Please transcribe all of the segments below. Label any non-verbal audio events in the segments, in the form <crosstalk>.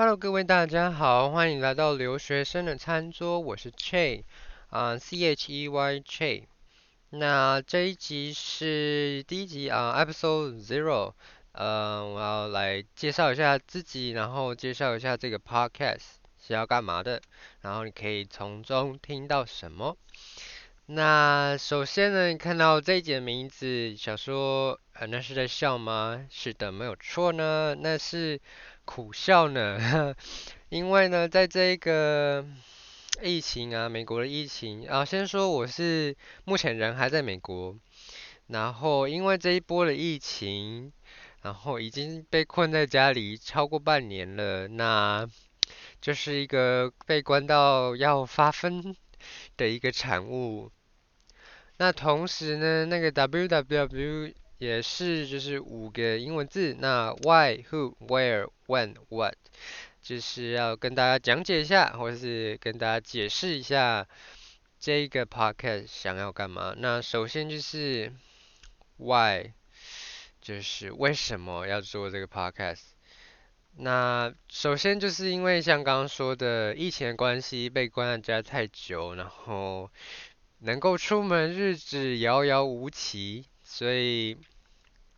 Hello，各位大家好，歡迎來到留學生的餐桌，我是、呃、Chey 啊，C H E Y Chey 那這一集是第一集啊、呃、，Episode Zero。嗯、呃，我要來介紹一下自己，然後介紹一下這個 Podcast 是要幹嘛的，然後你可以從中聽到什麼。那首先呢，你看到這一集的名字，想說。啊、那是在笑嗎？是的，沒有錯呢。那是苦笑呢， <laughs> 因為呢，在這一個疫情啊，美國的疫情啊，先說我是目前人還在美國，然後因為這一波的疫情，然後已經被困在家裡超過半年了，那就是一個被關到要發瘋的一個產物。那同時呢，那個 W W 也是就是五個英文字，那 why, who, where, when, what，就是要跟大家講解一下，或者是跟大家解釋一下這個 podcast 想要幹嘛？那首先就是 why，就是為什麼要做這個 podcast。那首先就是因為像剛剛說的疫情的關係，被關在家太久，然後能夠出門日子遙遙無期，所以。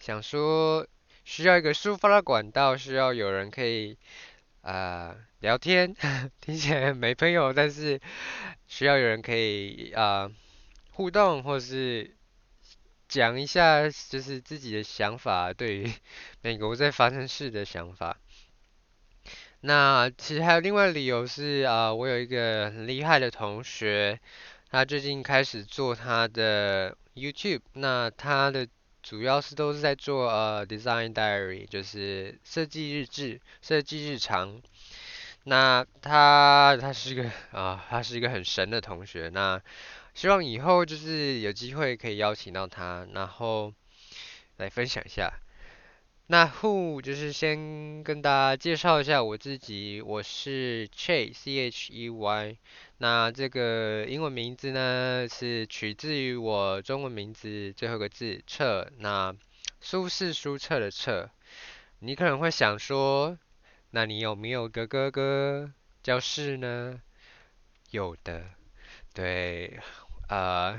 想說需要一個抒發的管道，需要有人可以啊、呃、聊天呵呵，聽起來沒朋友，但是需要有人可以啊、呃、互動，或是講一下就是自己的想法，對於美國在發生事的想法。那其實還有另外一個理由是啊、呃，我有一個很厲害的同學，他最近開始做他的 YouTube，那他的。主要是都是在做呃 design diary，就是設計日誌、設計日常。那他他是一個啊，他是一個，呃，一個很神的同學。那希望以後就是有機會可以邀請到他，然後來分享一下。那 Who 就是先跟大家介紹一下我自己，我是 Chey C H E Y，那這個英文名字呢是取自於我中文名字最後一個字“徹”，那舒是舒澈的“徹”。你可能會想說，那你有沒有個哥哥叫是呢？有的，對，呃，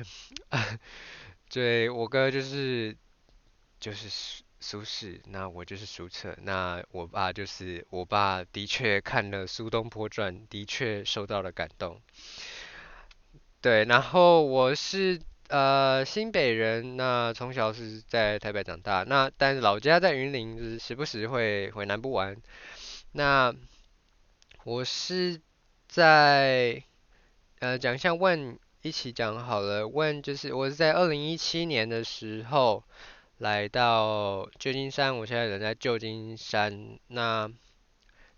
<laughs> 對，我哥就是就是。蘇軾，那我就是蘇轍。那我爸就是，我爸的確看了《蘇東坡傳》，的確受到了感動。對，然後我是呃新北人，那從小是在台北長大，那但老家在雲林，就是時不時會回南部玩。那我是在呃講一下問一起講好了，問就是我是在二零一七年的時候。來到舊金山，我現在人在舊金山，那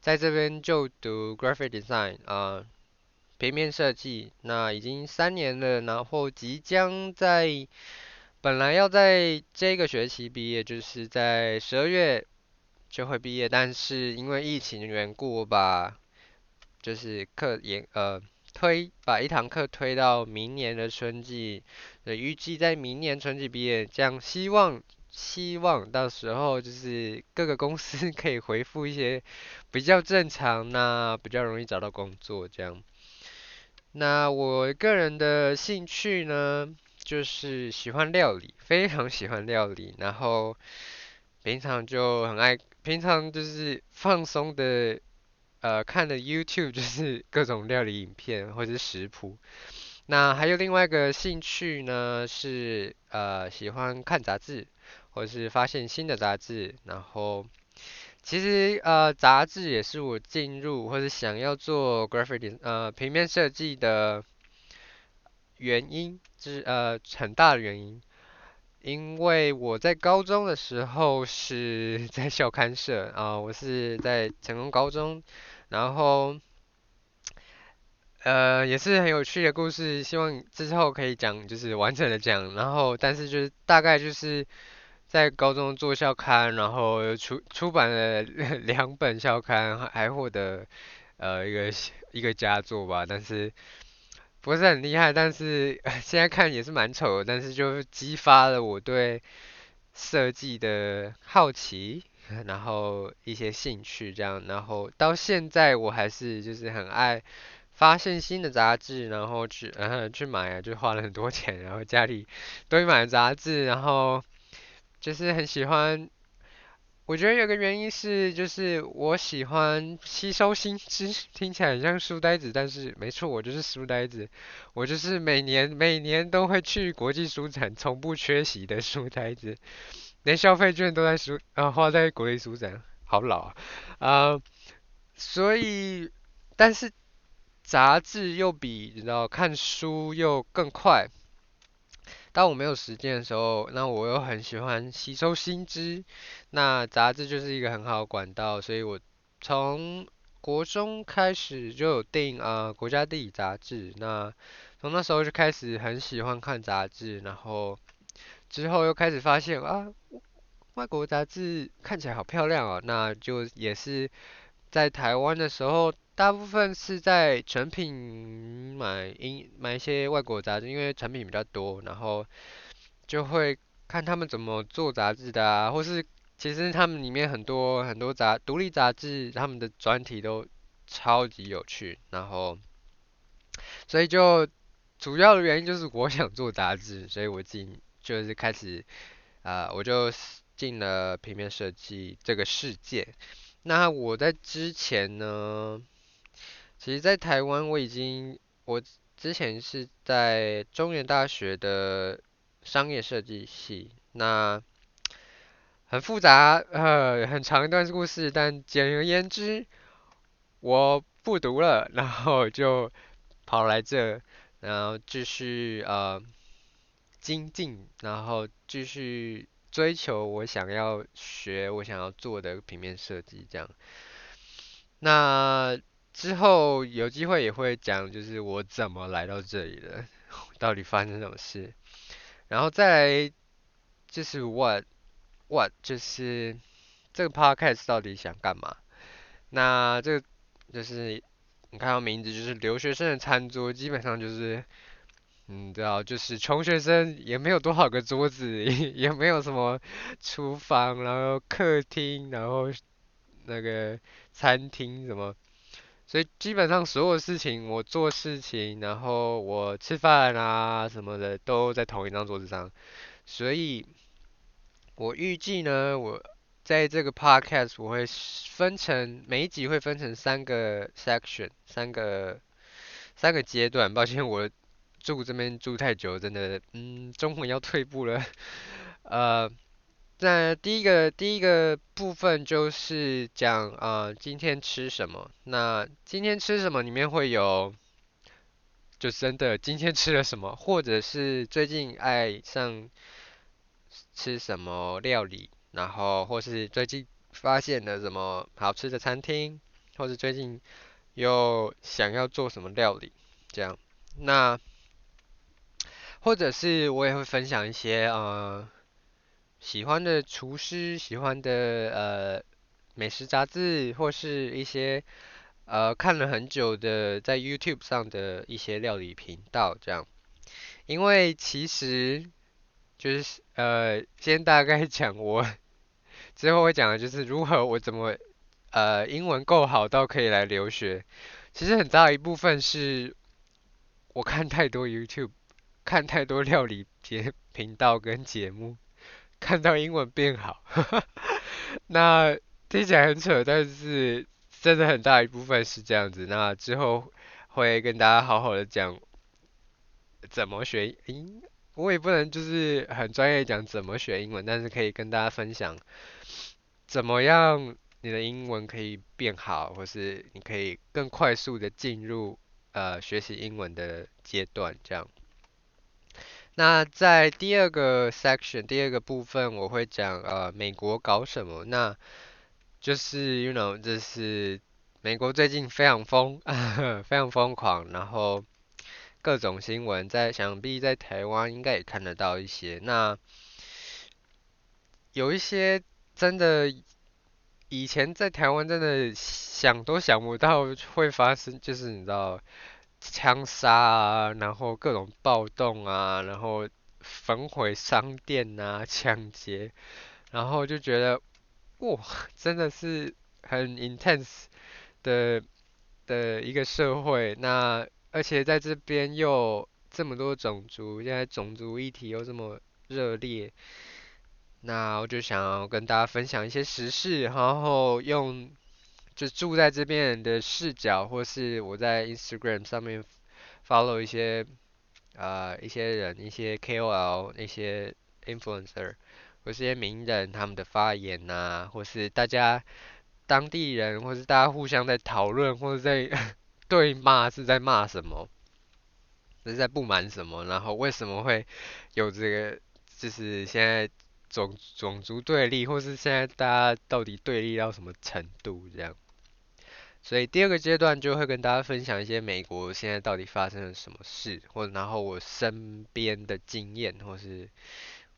在這邊就讀 graphic design 啊、呃，平面設計，那已經三年了，然後即將在本來要在這個學期畢業，就是在十二月就會畢業，但是因為疫情的緣故吧，就是課也呃。推把一堂課推到明年的春季，預計在明年春季畢業。這樣，希望希望到時候就是各個公司可以回復一些比較正常，那比較容易找到工作這樣。那我個人的興趣呢，就是喜歡料理，非常喜歡料理。然後平常就很愛，平常就是放鬆的。呃，看的 YouTube 就是各種料理影片，或者是食譜。那還有另外一個興趣呢，是呃喜歡看雜誌，或者是發現新的雜誌。然後其實呃雜誌也是我進入或者想要做 graphic 呃平面設計的原因，就是呃很大的原因。因為我在高中的時候是在校刊社啊、呃，我是在成功高中，然後呃也是很有趣的故事，希望之後可以講，就是完整的講，然後但是就是大概就是在高中做校刊，然後出出版了兩本校刊，還獲得呃一個一個佳作吧，但是。不是很厲害，但是現在看也是蠻醜的，但是就激發了我對設計的好奇，然後一些興趣這樣，然後到現在我還是就是很愛發現新的雜誌，然後去嗯、呃、去買啊，就花了很多錢，然後家裡堆滿了雜誌，然後就是很喜歡。我覺得有個原因是，就是我喜歡吸收新知，聽起來很像書呆子，但是沒錯，我就是書呆子。我就是每年每年都會去國際書展，從不缺席的書呆子，連消費券都在書啊、呃、花在國際書展，好老啊。呃、所以，但是雜誌又比你知道看書又更快。當我沒有時間的時候，那我又很喜歡吸收新知，那雜誌就是一個很好的管道，所以我從國中開始就有訂啊、呃《國家地理》雜誌，那從那時候就開始很喜歡看雜誌，然後之後又開始發現啊、呃、外國雜誌看起來好漂亮哦、喔，那就也是。在台灣的時候，大部分是在誠品買英買一些外國雜誌，因為誠品比較多，然後就會看他們怎麼做雜誌的啊，或是其實他們裡面很多很多雜獨立雜誌，他們的專題都超級有趣，然後所以就主要的原因就是我想做雜誌，所以我進就是開始啊、呃，我就進了平面設計這個世界。那我在之前呢，其實在台灣我已經，我之前是在中原大學的商業設計系，那很複雜，呃，很長一段故事，但簡而言之，我不讀了，然後就跑來這，然後繼續呃精進，然後繼續。追求我想要學、我想要做的平面設計這樣。那之後有機會也會講，就是我怎麼來到這裡的，到底發生什麼事。然後再來就是 what what 就是這個 podcast 到底想幹嘛？那這個就是你看到名字就是留學生的餐桌，基本上就是。嗯，對啊，就是窮學生也沒有多少個桌子也，也沒有什麼廚房，然後客廳，然後那個餐廳什麼，所以基本上所有事情，我做事情，然後我吃飯啊什麼的都在同一張桌子上，所以我預計呢，我在這個 podcast 我會分成每一集會分成三個 section，三個三個階段，抱歉我。住這邊住太久，真的，嗯，中文要退步了。呃，那第一個第一個部分就是講啊，呃，今天吃什麼？那今天吃什麼裡面會有，就真的今天吃了什麼，或者是最近愛上吃什麼料理，然後或是最近發現了什麼好吃的餐廳，或是最近又想要做什麼料理，這樣。那或者是我也會分享一些啊、呃、喜歡的廚師、喜歡的呃美食雜誌，或是一些呃看了很久的在 YouTube 上的一些料理頻道這樣。因為其實就是呃先大概講我之後會講的，就是如何我怎麼呃英文夠好到可以來留學，其實很大一部分是我看太多 YouTube。看太多料理節頻道跟節目，看到英文變好，哈哈，那聽起來很扯，但是真的很大一部分是這樣子。那之後會跟大家好好的講怎麼學英、欸，我也不能就是很專業講怎麼學英文，但是可以跟大家分享怎麼樣你的英文可以變好，或是你可以更快速的進入呃學習英文的階段，這樣。那在第二個 section，第二個部分，我會講呃美國搞什麼。那就是 you know，就是美國最近非常瘋，非常瘋狂，然後各種新聞在，想必在台灣應該也看得到一些。那有一些真的以前在台灣真的想都想不到會發生，就是你知道。槍殺啊，然後各種暴動啊，然後焚毀商店啊，搶劫，然後就覺得哇，真的是很 intense 的的一個社會。那而且在這邊又這麼多種族，現在種族議題又這麼熱烈，那我就想要跟大家分享一些時事，然後用。就住在這邊的視角，或是我在 Instagram 上面 follow 一些呃一些人、一些 K O L、一些 influencer 或是一些名人他們的發言吶、啊，或是大家當地人或是大家互相在討論，或者在對罵是在罵什麼，是在不滿什麼，然後為什麼會有這個就是現在種種族對立，或是現在大家到底對立到什麼程度這樣。所以第二個階段就會跟大家分享一些美國現在到底發生了什麼事，或者然後我身邊的經驗，或是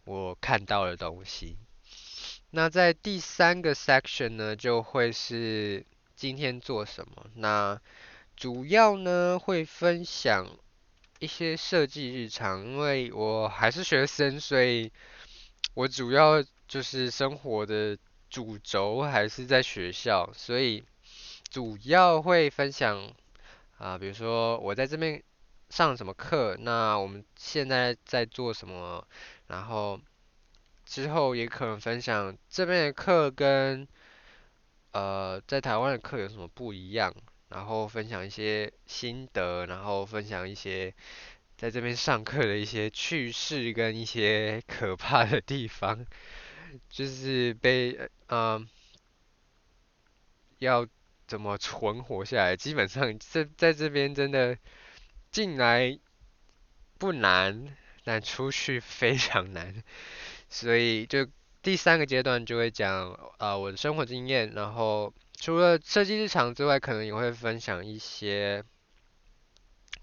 我看到的東西。那在第三個 section 呢，就會是今天做什麼。那主要呢會分享一些設計日常，因為我還是學生，所以我主要就是生活的主軸還是在學校，所以。主要會分享啊、呃，比如說我在這邊上什麼課，那我們現在在做什麼，然後之後也可能分享這邊的課跟呃在台灣的課有什麼不一樣，然後分享一些心得，然後分享一些在這邊上課的一些趣事跟一些可怕的地方，就是被啊、呃、要。怎麼存活下來？基本上在在這邊真的進來不難，但出去非常難。所以就第三個階段就會講啊、呃、我的生活經驗，然後除了設計日常之外，可能也會分享一些，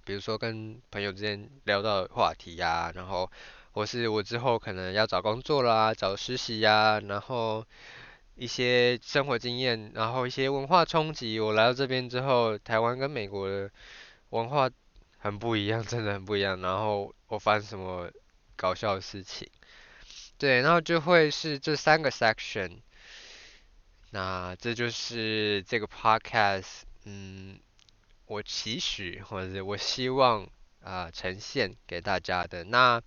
比如說跟朋友之間聊到的話題呀、啊，然後或是我之後可能要找工作啦、啊、找實習呀、啊，然後。一些生活經驗，然後一些文化衝擊。我來到這邊之後，台灣跟美國的文化很不一樣，真的很不一樣。然後我發生什麼搞笑的事情，對，然後就會是這三個 section。那這就是這個 podcast，嗯，我期許或者我希望啊，呃，呈現給大家的那。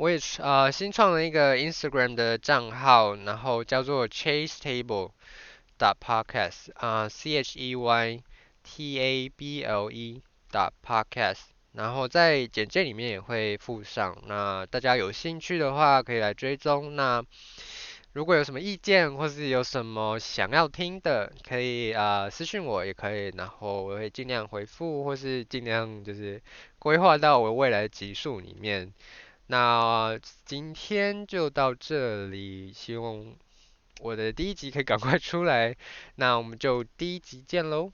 我也呃新創了一個 Instagram 的賬號，然後叫做 Chase Table. d p o、呃、d c、H e y t、a s t 啊 C H E Y T A B L E. dot p o d c a s t 然後在簡介裡面也會附上，那大家有興趣的話，可以來追蹤。那如果有什麼意見或是有什麼想要聽的，可以啊、呃、私訊我也可以，然後我會盡量回復或是盡量就是規劃到我未來的集數裡面。那今天就到這裡，希望我的第一集可以趕快出來，那我們就第一集見嘍。